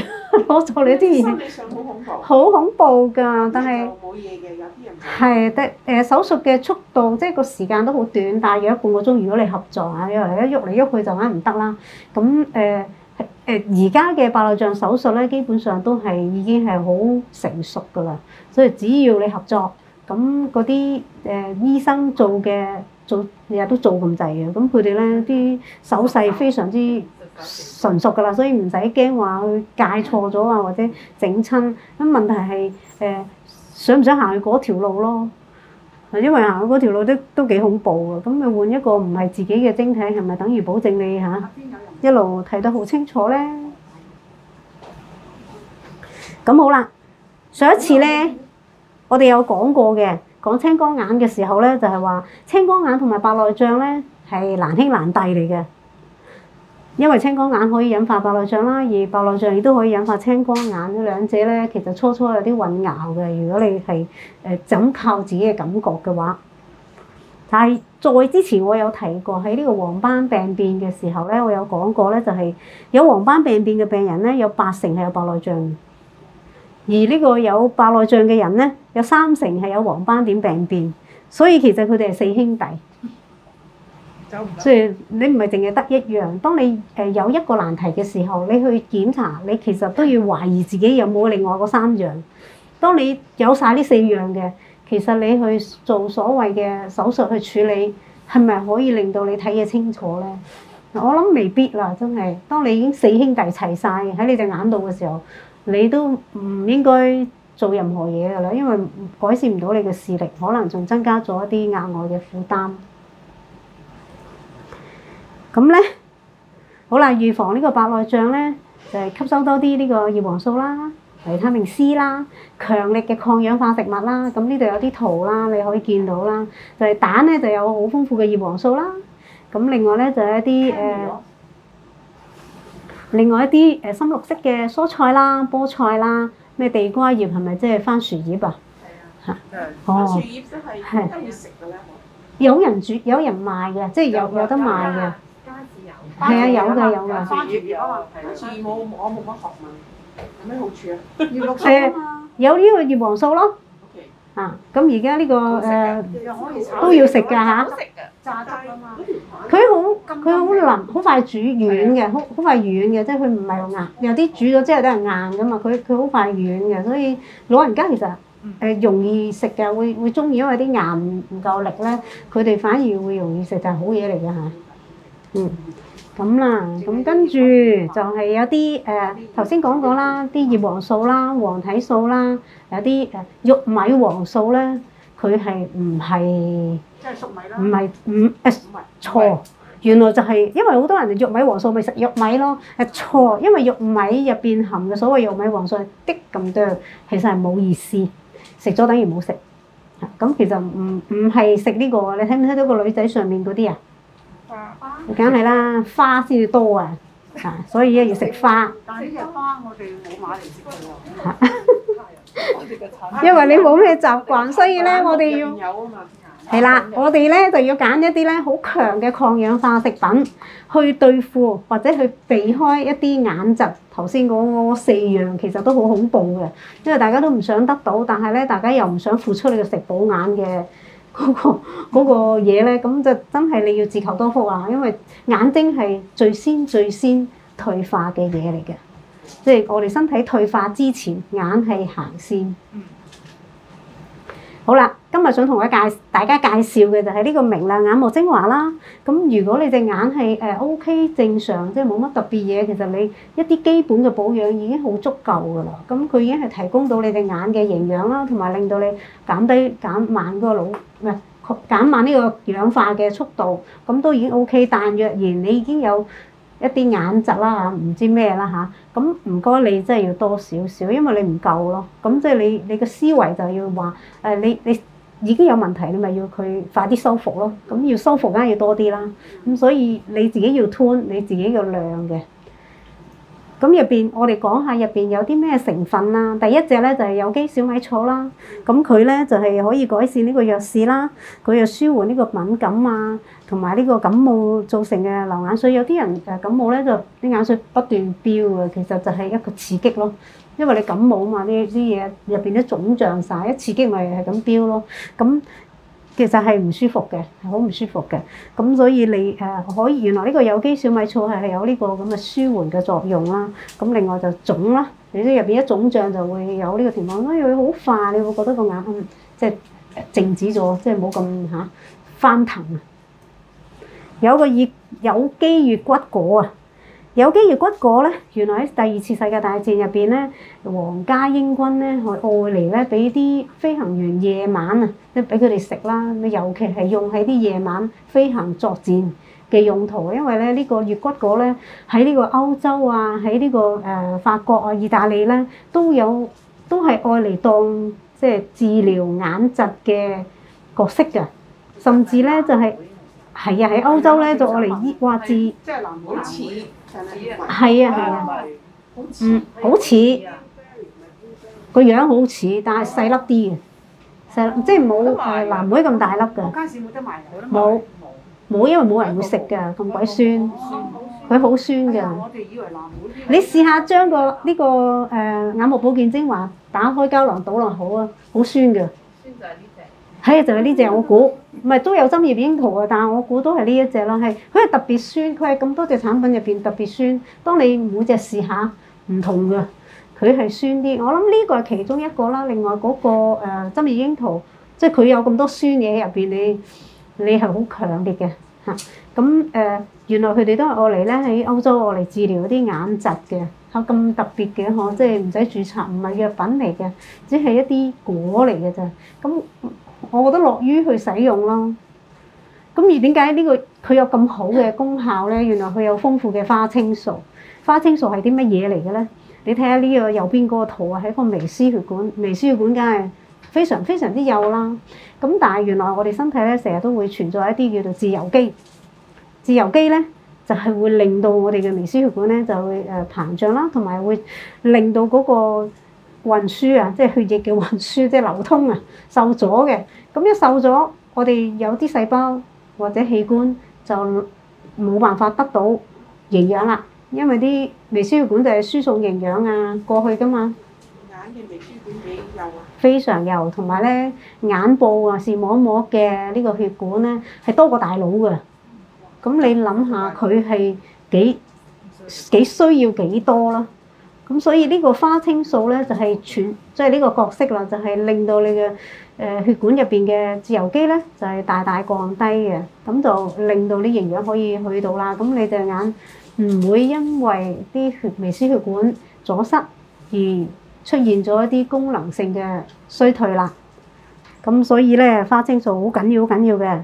我做你啲，心理上好恐怖，好恐怖㗎。但係冇嘢嘅，有啲人係的誒手術嘅速度，即係個時間都好短。但係約半個鐘，如果你合作啊，若係一喐嚟喐去就梗係唔得啦。咁誒誒而家嘅白內障手術咧，基本上都係已經係好成熟㗎啦。所以只要你合作，咁嗰啲誒醫生做嘅做日日都做咁滯嘅，咁佢哋咧啲手勢非常之純熟㗎喇，所以唔使驚話佢戒錯咗啊，或者整親。咁問題係誒、呃、想唔想行去嗰條路咯？因為行去嗰條路都都幾恐怖嘅。咁你換一個唔係自己嘅晶體，係咪等於保證你嚇、啊、一路睇得好清楚咧？咁好啦，上一次咧我哋有講過嘅，講青光眼嘅時候咧，就係、是、話青光眼同埋白內障咧係難兄難弟嚟嘅。因為青光眼可以引發白內障啦，而白內障亦都可以引發青光眼兩，兩者咧其實初初有啲混淆嘅。如果你係誒僅靠自己嘅感覺嘅話，但係再之前我有提過喺呢個黃斑病變嘅時候咧，我有講過咧、就是，就係有黃斑病變嘅病人咧，有八成係有白內障，而呢個有白內障嘅人咧，有三成係有黃斑點病變，所以其實佢哋係四兄弟。即係你唔係淨係得一樣。當你誒有一個難題嘅時候，你去檢查，你其實都要懷疑自己有冇另外嗰三樣。當你有晒呢四樣嘅，其實你去做所謂嘅手術去處理，係咪可以令到你睇嘢清楚咧？我諗未必啦，真係。當你已經四兄弟齊晒喺你隻眼度嘅時候，你都唔應該做任何嘢㗎喇，因為改善唔到你嘅視力，可能仲增加咗一啲額外嘅負擔。咁咧，好啦，預防呢個白內障咧，就係吸收多啲呢個葉黃素啦、維他命 C 啦、強力嘅抗氧化食物啦。咁呢度有啲圖啦，你可以見到啦。就係蛋咧，就有好豐富嘅葉黃素啦。咁另外咧，就有一啲誒，另外一啲誒深綠色嘅蔬菜啦、菠菜啦，咩地瓜葉係咪即係番薯葉啊？係啊。嚇！哦。番薯葉都係可以食嘅咧，可？有人煮，有人賣嘅，即係有有得賣嘅。係啊，有噶有噶，有番薯啊嘛，番薯我冇乜學問，有咩好處啊？係啊，有呢個葉黃素咯。Okay. 啊，咁而家呢個誒、啊、都要食嘅嚇，啊、炸雞嘛，佢好佢好腍，好快煮軟嘅，好好快軟嘅，即係佢唔係硬。有啲煮咗之後都係硬噶嘛，佢佢好快軟嘅，所以老人家其實誒容易食嘅，會會中意，因為啲牙唔唔夠力咧，佢哋反而會容易食，就係、是、好嘢嚟嘅嚇。嗯，咁啦，咁跟住就係有啲誒，頭先講過啦，啲葉黃素啦、黃體素啦，有啲誒玉米黃素咧，佢係唔係即係粟米啦？唔係唔誒錯，原來就係、是，因為好多人哋玉米黃素咪食玉米咯，係錯，因為玉米入邊含嘅所謂玉米黃素係啲咁多，其實係冇意思，食咗等於冇食。咁、嗯嗯、其實唔唔係食呢個，你睇唔睇到個女仔上面嗰啲啊？梗係啦，花先至多啊！啊，所以咧要食花。但係呢隻花我哋冇買嚟食喎。因為你冇咩習慣， *laughs* 所以咧我哋要。有啊嘛。係啦，我哋咧就要揀一啲咧好強嘅抗氧化食品去對付，或者去避開一啲眼疾。頭先嗰四樣其實都好恐怖嘅，因為大家都唔想得到，但係咧大家又唔想付出你嘅食補眼嘅。嗰個嗰個嘢咧，咁就真係你要自求多福啊！因為眼睛係最先最先退化嘅嘢嚟嘅，即係我哋身體退化之前，眼係行先。好啦，今日想同我介大家介紹嘅就係呢個明亮眼膜精華啦。咁如果你隻眼係誒 OK 正常，即係冇乜特別嘢，其實你一啲基本嘅保養已經好足夠噶啦。咁佢已經係提供到你隻眼嘅營養啦，同埋令到你減低減慢嗰個老，唔、啊、係減慢呢個氧化嘅速度。咁都已經 OK，但若然你已經有。一啲眼疾啦吓，唔知咩啦吓，咁唔該，啊、你真係要多少少，因為你唔夠咯，咁即係你你嘅思維就要話：誒、啊，你你已經有問題，你咪要佢快啲修復咯，咁要修復梗係要多啲啦，咁所以你自己要 tune 你自己要量嘅。咁入邊，我哋講下入邊有啲咩成分啦。第一隻咧就係有機小米草啦，咁佢咧就係可以改善呢個弱視啦，佢又舒緩呢個敏感啊，同埋呢個感冒造成嘅流眼水。有啲人誒、感冒咧就啲眼水不斷飆啊，其實就係一個刺激咯，因為你感冒啊嘛，呢啲嘢入邊啲腫脹晒，一刺激咪係咁飆咯，咁。其實係唔舒服嘅，係好唔舒服嘅。咁所以你誒、呃、可以原來呢個有機小米醋係係有呢個咁嘅舒緩嘅作用啦。咁另外就腫啦，你都入邊一腫脹就會有呢個情況。哎，佢好快，你會覺得個眼即係靜止咗，即係冇咁嚇翻騰。有一個有機月骨果啊。有機越橘果咧，原來喺第二次世界大戰入邊咧，皇家英軍咧愛嚟咧俾啲飛行員夜晚啊，即係俾佢哋食啦。尤其係用喺啲夜晚飛行作戰嘅用途，因為咧呢個越橘果咧喺呢個歐洲啊，喺呢個誒法國啊、意大利咧都有，都係愛嚟當即係治療眼疾嘅角色嘅，甚至咧就係係啊喺歐洲咧就愛嚟醫掛治。即係嗱，好似～係啊係啊，啊嗯，好似個樣好似，但係細粒啲嘅，細粒即係冇誒藍莓咁大粒嘅。冇冇，因為冇人會食噶，咁鬼酸，佢好、啊、酸嘅。我哋以為藍莓。你試下將個呢個誒眼膜保健精華打開膠囊倒落去，好啊，好酸嘅。睇、哎、就係呢隻我估，唔係都有針葉櫻桃嘅，但係我估都係呢一隻囉。係佢係特別酸，佢係咁多隻產品入邊特別酸。當你每隻試下，唔同㗎，佢係酸啲。我諗呢個係其中一個啦。另外嗰、嗰個誒針葉櫻桃，即係佢有咁多酸嘢入邊，你你係好強烈嘅嚇。咁、啊、誒、啊，原來佢哋都係攞嚟咧喺歐洲攞嚟治療嗰啲眼疾嘅。嚇、啊、咁特別嘅呵，即係唔使註冊，唔係藥品嚟嘅，只係一啲果嚟嘅咋。咁、啊我覺得樂於去使用咯，咁而點解呢個佢有咁好嘅功效咧？原來佢有豐富嘅花青素，花青素係啲乜嘢嚟嘅咧？你睇下呢個右邊嗰個圖啊，係一個微絲血管，微絲血管梗係非常非常之幼啦。咁但係原來我哋身體咧，成日都會存在一啲叫做自由基，自由基咧就係會令到我哋嘅微絲血管咧就會誒膨脹啦，同埋會令到嗰個。運輸啊，即係血液嘅運輸，即係流通啊，受阻嘅。咁一受阻，我哋有啲細胞或者器官就冇辦法得到營養啦，因為啲微血管就係輸送營養啊過去噶嘛。眼嘅微血管幾幼啊？非常幼，同埋咧眼部啊視網膜嘅呢個血管咧係多過大腦嘅。咁你諗下佢係幾幾需要幾多囉？咁所以呢個花青素咧就係全即係呢個角色啦，就係令到你嘅誒血管入邊嘅自由基咧就係大大降低嘅，咁就令到啲營養可以去到啦。咁你隻眼唔會因為啲血微絲血管阻塞而出現咗一啲功能性嘅衰退啦。咁所以咧花青素好緊要好緊要嘅。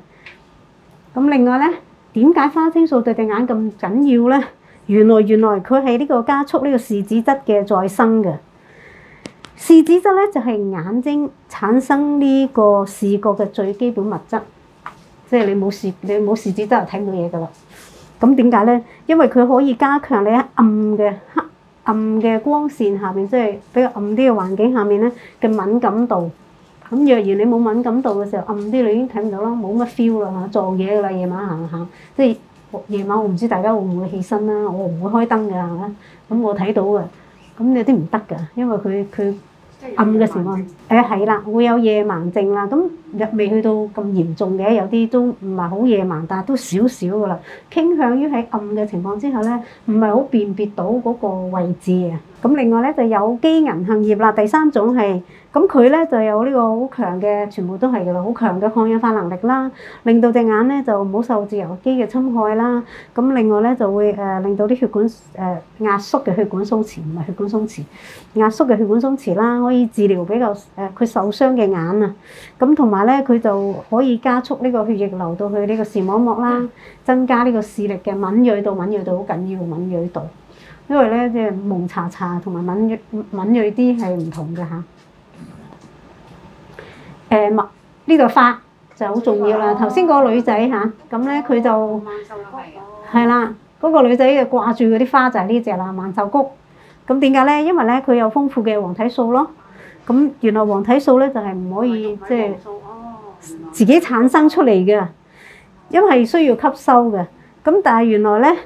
咁另外咧點解花青素對隻眼咁緊要咧？原來原來佢係呢個加速呢個視紫質嘅再生嘅。視紫質咧就係、是、眼睛產生呢個視覺嘅最基本物質，即係你冇視你冇視紫質就睇唔到嘢噶啦。咁點解咧？因為佢可以加強你喺暗嘅黑暗嘅光線下面，即係比較暗啲嘅環境下面咧嘅敏感度。咁若然你冇敏感度嘅時候，暗啲你已經睇唔到囉，冇乜 feel 啦，撞嘢噶啦，夜晚行下。即係。夜晚我唔知大家會唔會起身啦，我唔會開燈㗎，咁我睇到嘅，咁有啲唔得㗎，因為佢佢暗嘅情況，誒係啦，會有夜盲症啦。咁未去到咁嚴重嘅，有啲都唔係好夜盲，但係都少少㗎啦。傾向於喺暗嘅情況之下咧，唔係好辨別到嗰個位置啊。咁另外咧就有機銀杏葉啦，第三種係。咁佢咧就有呢個好強嘅，全部都係㗎啦，好強嘅抗氧化能力啦，令到隻眼咧就唔好受自由基嘅侵害啦。咁另外咧就會誒、呃、令到啲血管誒壓縮嘅血管鬆弛，唔係血管鬆弛，壓縮嘅血管鬆弛啦，可以治療比較誒佢、呃、受傷嘅眼啊。咁同埋咧佢就可以加速呢個血液流到去呢個視網膜，膜啦，增加呢個視力嘅敏鋭度，敏鋭度好緊要，敏鋭度。因為咧即係朦查查同埋敏敏鋭啲係唔同㗎吓。誒呢朵花就好重要啦。頭先嗰個女仔嚇，咁咧佢就係啦，嗰、哦嗰個女仔就掛住嗰啲花就係呢隻啦，萬壽菊。咁點解咧？因為咧佢有豐富嘅黃體素咯。咁原來黃體素咧就係唔可以即係、就是、自己產生出嚟嘅，因為需要吸收嘅。咁但係原來咧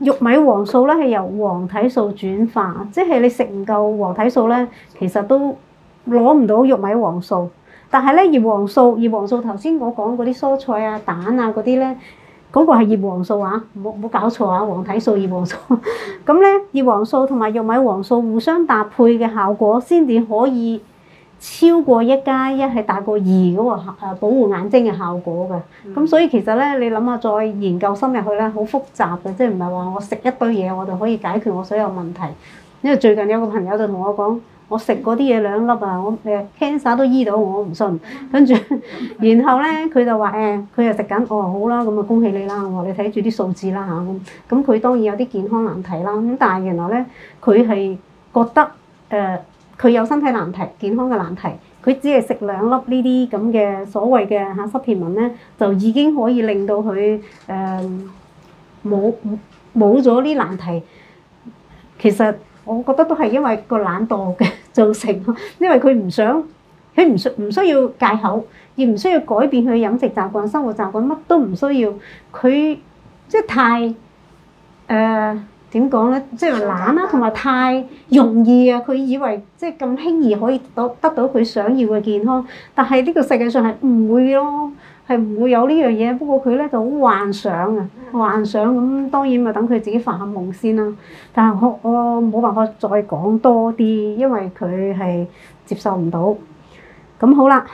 玉米黃素咧係由黃體素轉化，即、就、係、是、你食唔夠黃體素咧，其實都攞唔到玉米黃素。但係咧，葉黃素、葉黃素頭先我講嗰啲蔬菜啊、蛋啊嗰啲咧，嗰個係葉黃素啊，冇冇搞錯啊？黃體素、葉黃素，咁 *laughs* 咧葉黃素同埋玉米黃素互相搭配嘅效果先至可以超過一加一，係大過二嗰個保護眼睛嘅效果嘅。咁、嗯、所以其實咧，你諗下再研究深入去咧，好複雜嘅，即係唔係話我食一堆嘢我就可以解決我所有問題？因為最近有個朋友就同我講。我食嗰啲嘢兩粒啊，我誒 cancer 都醫到我，我唔信。跟住，然後咧佢就話誒，佢又食緊。哦，好啦，咁啊恭喜你啦！我話你睇住啲數字啦嚇。咁咁佢當然有啲健康難題啦。咁但係原來咧，佢係覺得誒，佢有身體難題、健康嘅難題，佢只係食兩粒呢啲咁嘅所謂嘅嚇濕片文咧，就已經可以令到佢誒冇冇咗呢啲難題。其實。我覺得都係因為個懶惰嘅造成，因為佢唔想，佢唔需唔需要戒口，而唔需要改變佢飲食習慣、生活習慣，乜都唔需要。佢即係太，誒，點講咧？即係、呃、懶啦，同埋太容易啊！佢以為即係咁輕易可以得得到佢想要嘅健康，但係呢個世界上係唔會咯。係唔會有呢樣嘢，不過佢咧就好幻想啊！幻想咁當然咪等佢自己發下夢先啦。但係我我冇辦法再講多啲，因為佢係接受唔到。咁好啦，呢、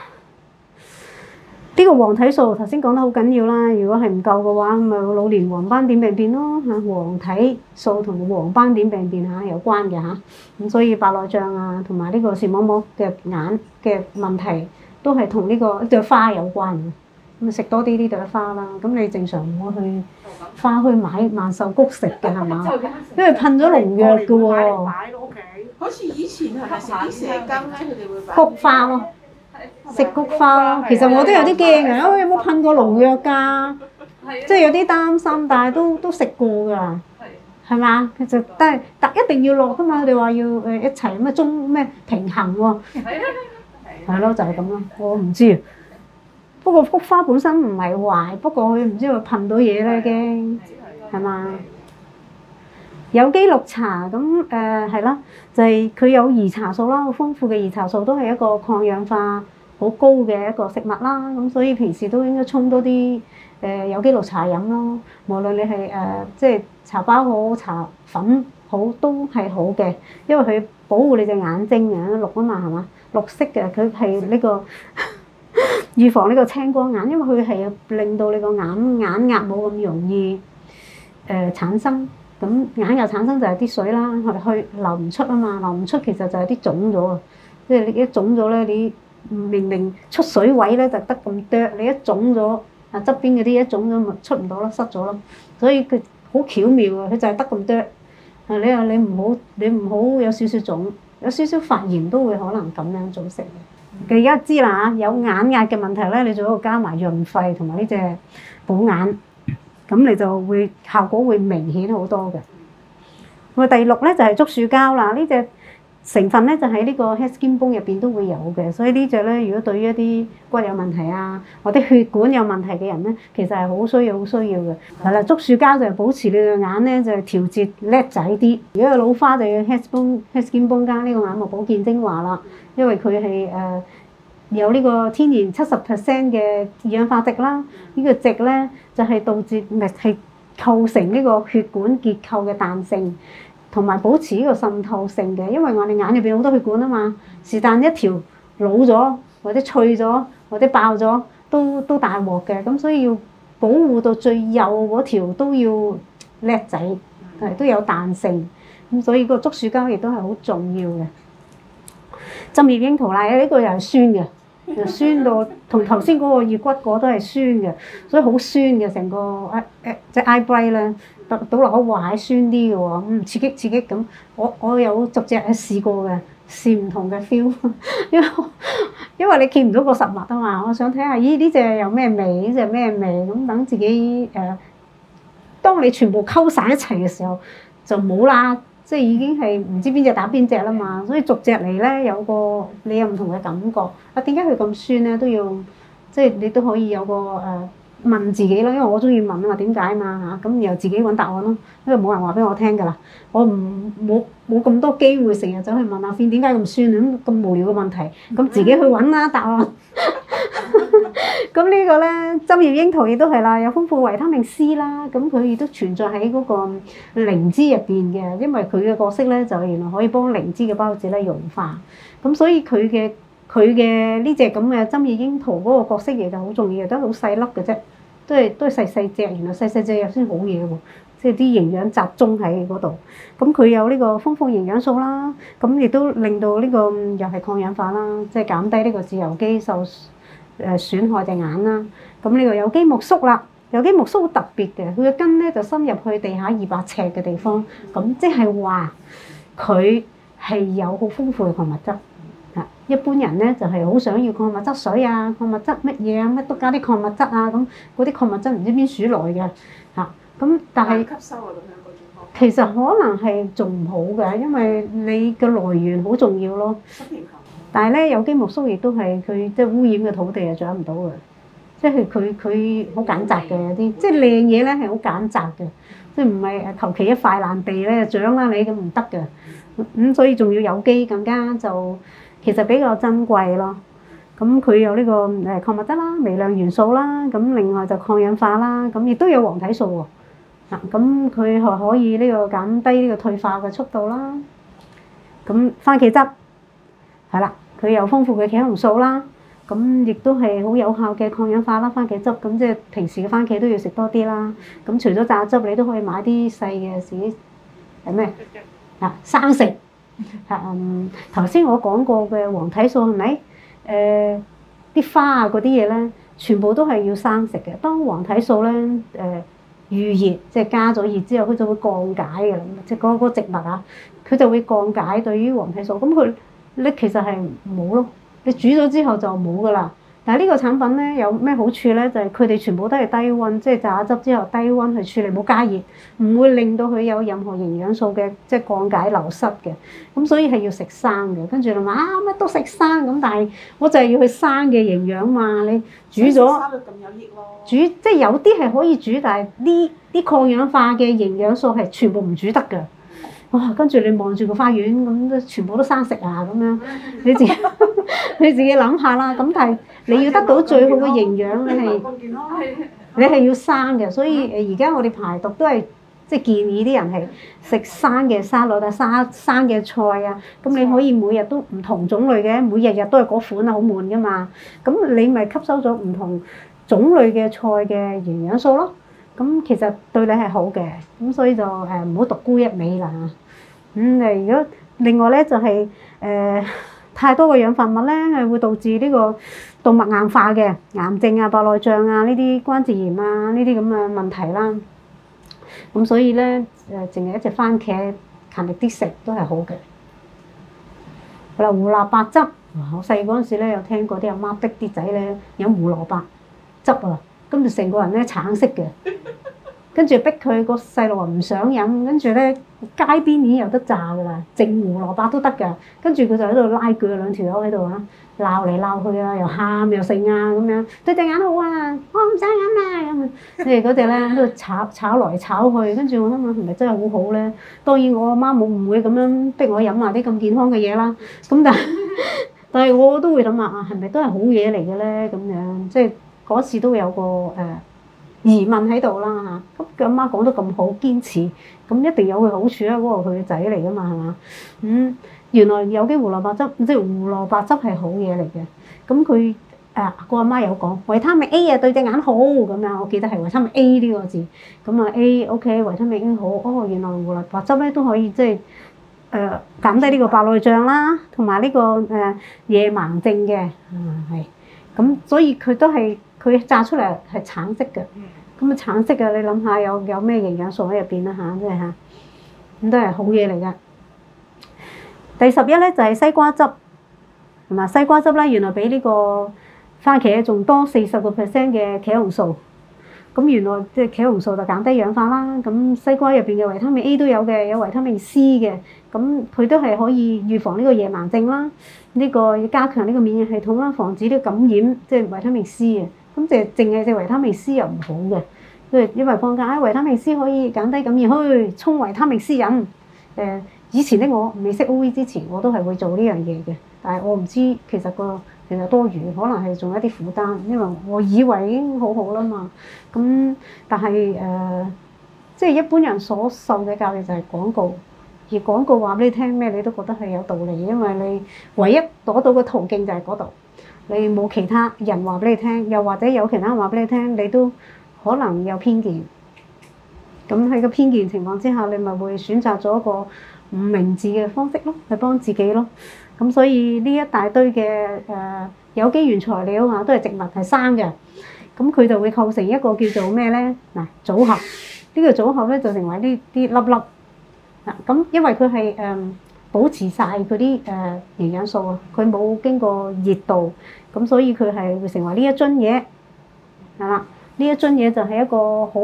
這個黃體素頭先講得好緊要啦。如果係唔夠嘅話，咪老年黃斑點病變咯。黃體素同黃斑點病變嚇、啊、有關嘅嚇。咁、啊、所以白內障啊，同埋呢個視網膜嘅眼嘅問題都係同呢個隻、這個、花有關嘅。咁咪食多啲呢朵花啦，咁你正常唔會去花去買萬壽菊食嘅係嘛？因為噴咗農藥嘅喎。好似以前係咪食佢哋會菊花咯，食菊花咯。其實我都有啲驚啊，有冇、哎、噴過農藥㗎？即係有啲擔心，但係都都食過㗎，係嘛？其實都係，但一定要落㗎嘛。佢哋話要誒一齊咁啊，中咩平衡喎？係咯、啊，就係咁咯，我唔知。不過菊花本身唔係壞，不過佢唔知會噴到嘢啦已經，係嘛？有機綠茶咁誒係啦，就係、是、佢有兒茶素啦，好豐富嘅兒茶素都係一個抗氧化好高嘅一個食物啦。咁所以平時都應該沖多啲誒有機綠茶飲咯。無論你係誒、呃、即係茶包好、茶粉好都係好嘅，因為佢保護你隻眼睛嘅綠啊嘛，係嘛？綠色嘅佢係呢個。的 *laughs* 預防呢個青光眼，因為佢係令到你個眼眼壓冇咁容易誒、呃、產生，咁眼又產生就係啲水啦，我哋去流唔出啊嘛，流唔出其實就係啲腫咗啊，即係你一腫咗咧，你明明出水位咧就得咁啄，你一腫咗啊側邊嗰啲一腫咗咪出唔到咯，塞咗咯，所以佢好巧妙啊，佢就係得咁啄，你話，你唔好你唔好有少少腫。有少少發炎都會可能咁樣造成嘅。佢而家知啦，有眼壓嘅問題咧，你仲要加埋潤肺同埋呢隻補眼，咁你就會效果會明顯好多嘅。我第六呢，就係、是、竹樹膠啦，呢隻。成分咧就喺、是、呢個 h e s k i n b o n 泵入邊都會有嘅，所以呢隻咧如果對於一啲骨有問題啊，或者血管有問題嘅人咧，其實係好需要、好需要嘅。係啦，竹樹膠就係保持你嘅眼咧，就係調節叻仔啲。如果老花就要 h e s k i n haskin 泵加呢個眼膜保健精華啦，因為佢係誒有呢個天然七十 percent 嘅二氧化鈉啦，這個、值呢個鈉咧就係、是、導致，唔係係構成呢個血管結構嘅彈性。同埋保持呢個滲透性嘅，因為我哋眼入邊好多血管啊嘛，是但一條老咗或者脆咗或者爆咗都都大鑊嘅，咁所以要保護到最幼嗰條都要叻仔，係都有彈性，咁所以個竹樹膠亦都係好重要嘅。針葉櫻桃奶呢、呢個又係酸嘅，又酸到同頭先嗰個越橘果都係酸嘅，所以好酸嘅成個誒誒隻 eyebright 咧倒落口，怪酸啲嘅喎，刺激刺激咁。我我有逐隻試過嘅，試唔同嘅 feel，因為因為你見唔到個實物啊嘛，我想睇下，咦呢隻有咩味，呢隻咩味，咁等自己誒、呃。當你全部溝晒一齊嘅時候，就冇啦，即係已經係唔知邊隻打邊隻啦嘛。所以逐隻嚟咧，有個你有唔同嘅感覺。啊，點解佢咁酸咧？都要即係你都可以有個誒。呃問自己咯，因為我中意問啊嘛，點解嘛嚇？咁然後自己揾答案咯，因為冇人話俾我聽㗎啦。我唔冇冇咁多機會成日走去問下片點解咁酸啊？咁咁無聊嘅問題，咁自己去揾啦答案。咁 *laughs* *laughs* 呢個咧，針葉櫻桃亦都係啦，有豐富維他命 C 啦，咁佢亦都存在喺嗰個靈芝入邊嘅，因為佢嘅角色咧就原來可以幫靈芝嘅孢子咧融化，咁所以佢嘅。佢嘅呢隻咁嘅針葉櫻桃嗰個角色嘢就好重要，都好細粒嘅啫，都係都細細隻，原來細細隻有先好嘢喎，即係啲營養集中喺嗰度。咁佢有呢個豐富營養素啦，咁亦都令到呢個又係抗氧化啦，即係減低呢個自由基受誒損害隻眼啦。咁、這、呢個有機苜蓿啦，有機苜蓿好特別嘅，佢嘅根咧就深入去地下二百尺嘅地方，咁即係話佢係有好豐富嘅礦物質。一般人咧就係好想要礦物質水啊、礦物質乜嘢啊，乜都加啲礦物質啊咁。嗰啲礦物質唔知邊處來嘅嚇。咁但係吸收啊，咁樣其實可能係仲唔好嘅，因為你嘅來源好重要咯。但係咧，有機木梳亦都係佢即係污染嘅土地啊，長唔到嘅。即係佢佢好揀擇嘅啲，即係靚嘢咧係好揀擇嘅，即係唔係求其一塊爛地咧掌握你咁唔得嘅。咁所以仲要有機更加就。其實比較珍貴咯，咁佢有呢個誒礦物質啦、微量元素啦，咁另外就抗氧化啦，咁亦都有黃體素喎。嗱，咁佢係可以呢個減低呢個退化嘅速度啦。咁番茄汁，係啦，佢有豐富嘅茄紅素啦，咁亦都係好有效嘅抗氧化啦。番茄汁咁即係平時嘅番茄都要食多啲啦。咁除咗榨汁，你都可以買啲細嘅自己係咩？嗱，生食。係嗯，頭先我講過嘅黃體素係咪？誒啲、呃、花啊嗰啲嘢咧，全部都係要生食嘅。當黃體素咧誒，預熱，即係加咗熱之後，佢就會降解嘅啦。即係嗰個植物啊，佢就會降解對於黃體素。咁佢你其實係冇咯，你煮咗之後就冇㗎啦。嗱，呢個產品咧有咩好處咧？就係佢哋全部都係低溫，即係榨汁之後低溫去處理，冇加熱，唔會令到佢有任何營養素嘅即係降解流失嘅。咁所以係要食生嘅。跟住你話啊乜都食生咁，但係我就係要去生嘅營養嘛。你煮咗，煮即係有啲係可以煮，但係呢啲抗氧化嘅營養素係全部唔煮得㗎。哇！跟住、啊、你望住個花園，咁都全部都生食啊咁樣，你自己 *laughs* 你自己諗下啦。咁但係你要得到最好嘅營養，你係 *music* 你係要生嘅。所以誒，而家我哋排毒都係即係建議啲人係食生嘅沙律啊、生生嘅菜啊。咁你可以每日都唔同種類嘅，每日日都係嗰款啊，好悶㗎嘛。咁你咪吸收咗唔同種類嘅菜嘅營養素咯。咁其實對你係好嘅，咁所以就誒唔好獨沽一味啦。咁你如果另外咧就係誒太多嘅氧化物咧，係會導致呢個動脈硬化嘅癌症啊、白內障啊、呢啲關節炎啊、呢啲咁嘅問題啦。咁所以咧誒，淨係一隻番茄勤力啲食都係好嘅。嗱，胡蘿蔔汁，哇！我細個嗰陣時咧有聽過啲阿媽逼啲仔咧飲胡蘿蔔汁啊。跟住成個人咧橙色嘅，跟住逼佢個細路話唔想飲，跟住咧街邊已經有得炸㗎喇，淨胡蘿蔔都得㗎。跟住佢就喺度拉佢兩條友喺度啊，鬧嚟鬧去啊，又喊又盛啊咁樣。對隻眼好啊，我唔想飲啊咁。即係嗰隻咧喺度炒炒來炒去，跟住我諗啊，係咪真係好好咧？當然我阿媽冇唔會咁樣逼我飲下啲咁健康嘅嘢啦。咁但係但係我是是都會諗下，啊係咪都係好嘢嚟嘅咧？咁樣即係。嗰時都有個誒疑問喺度啦嚇，咁佢阿媽講得咁好堅持，咁一定有佢好處啦。嗰、嗰個佢嘅仔嚟噶嘛，係嘛？嗯，原來有啲胡蘿蔔汁，即係胡蘿蔔汁係好嘢嚟嘅。咁佢誒個阿媽有講維他命 A 啊，對隻眼好咁樣，我記得係維他命 A 呢個字。咁、嗯、啊 A，OK、okay，維他命 A 好。哦，原來胡蘿蔔汁咧都可以即係誒、呃、減低呢個白內障啦，同埋呢個誒、呃、夜盲症嘅。嗯，咁所以佢都係。佢炸出嚟係橙色嘅，咁啊橙色嘅，你諗下有有咩營養素喺入邊啦？吓，即係吓，咁都係好嘢嚟嘅。第十一咧就係西瓜汁，同埋西瓜汁咧原來比呢個番茄仲多四十個 percent 嘅茄紅素。咁原來即係茄紅素就減低氧化啦。咁西瓜入邊嘅維他命 A 都有嘅，有維他命 C 嘅，咁佢都係可以預防呢個夜盲症啦。呢個要加強呢個免疫系統啦，防止啲感染，即係維他命 C 嘅。咁就淨係食維他命 C 又唔好嘅，因為放假，維他命 C 可以減低咁而去沖維他命 C 飲。誒、呃，以前的我未識 O V 之前，我都係會做呢樣嘢嘅，但係我唔知其實個其實多餘，可能係仲有一啲負擔，因為我以為已經好好啦嘛。咁但係誒，即、呃、係、就是、一般人所受嘅教育就係廣告，而廣告話俾你聽咩，你都覺得係有道理，因為你唯一攞到嘅途徑就係嗰度。你冇其他人話俾你聽，又或者有其他人話俾你聽，你都可能有偏見。咁喺個偏見情況之下，你咪會選擇咗一個唔明智嘅方式咯，去幫自己咯。咁所以呢一大堆嘅誒有機原材料啊，都係植物係生嘅，咁佢就會構成一個叫做咩咧嗱組合。呢個組合咧就成為呢啲粒粒嗱咁，因為佢係誒。保持曬佢啲誒營養素啊！佢冇經過熱度，咁所以佢係會成為呢一樽嘢，係啦。呢一樽嘢就係一個好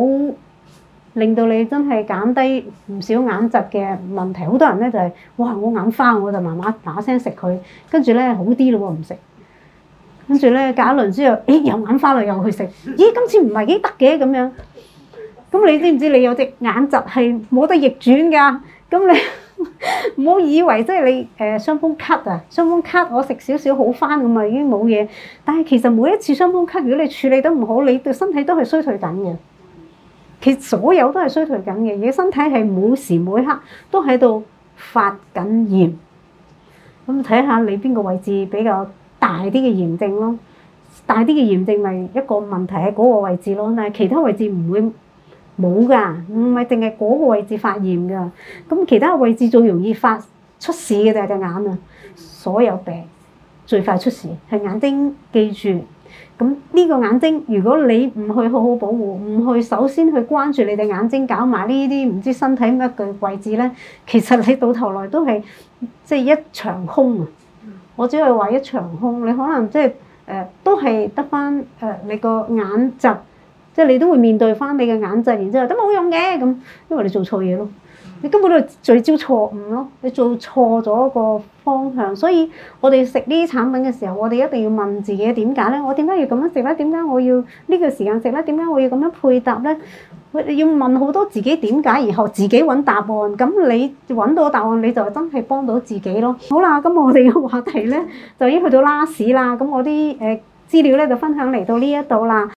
令到你真係減低唔少眼疾嘅問題。好多人咧就係哇，我眼花，我就慢慢打聲食佢，跟住咧好啲咯喎，唔食。跟住咧隔一輪之後，誒又眼花啦，又去食。咦，今次唔係幾得嘅咁樣。咁你知唔知你有隻眼疾係冇得逆轉噶？咁你？唔好 *laughs* 以為即係你誒，傷、呃、風咳啊，傷風咳我食少少好翻咁啊，已經冇嘢。但係其實每一次傷風咳，如果你處理得唔好，你對身體都係衰退緊嘅，其實所有都係衰退緊嘅，而且身體係每時每刻都喺度發緊炎。咁睇下你邊個位置比較大啲嘅炎症咯，大啲嘅炎症咪一個問題喺嗰個位置咯，但係其他位置唔會。冇噶，唔係淨係嗰個位置發炎噶，咁其他位置最容易發出事嘅就係隻眼啊！所有病最快出事係眼睛，記住。咁呢個眼睛，如果你唔去好好保護，唔去首先去關注你隻眼睛，搞埋呢啲唔知身體乜嘅位置咧，其實你到頭來都係即係一場空啊！我只係話一場空，你可能即係誒都係得翻誒你個眼疾。即係你都會面對翻你嘅眼症，然之後都冇用嘅咁，因為你做錯嘢咯，你根本都聚焦錯誤咯，你做錯咗個方向。所以我哋食呢啲產品嘅時候，我哋一定要問自己點解咧？我點解要咁樣食咧？點解我要呢個時間食咧？點解我要咁樣配搭咧？要問好多自己點解，然後自己揾答案。咁你揾到答案，你就真係幫到自己咯。好啦，咁我哋嘅話題咧，就已經去到拉屎啦。咁我啲誒資料咧，就分享嚟到呢一度啦。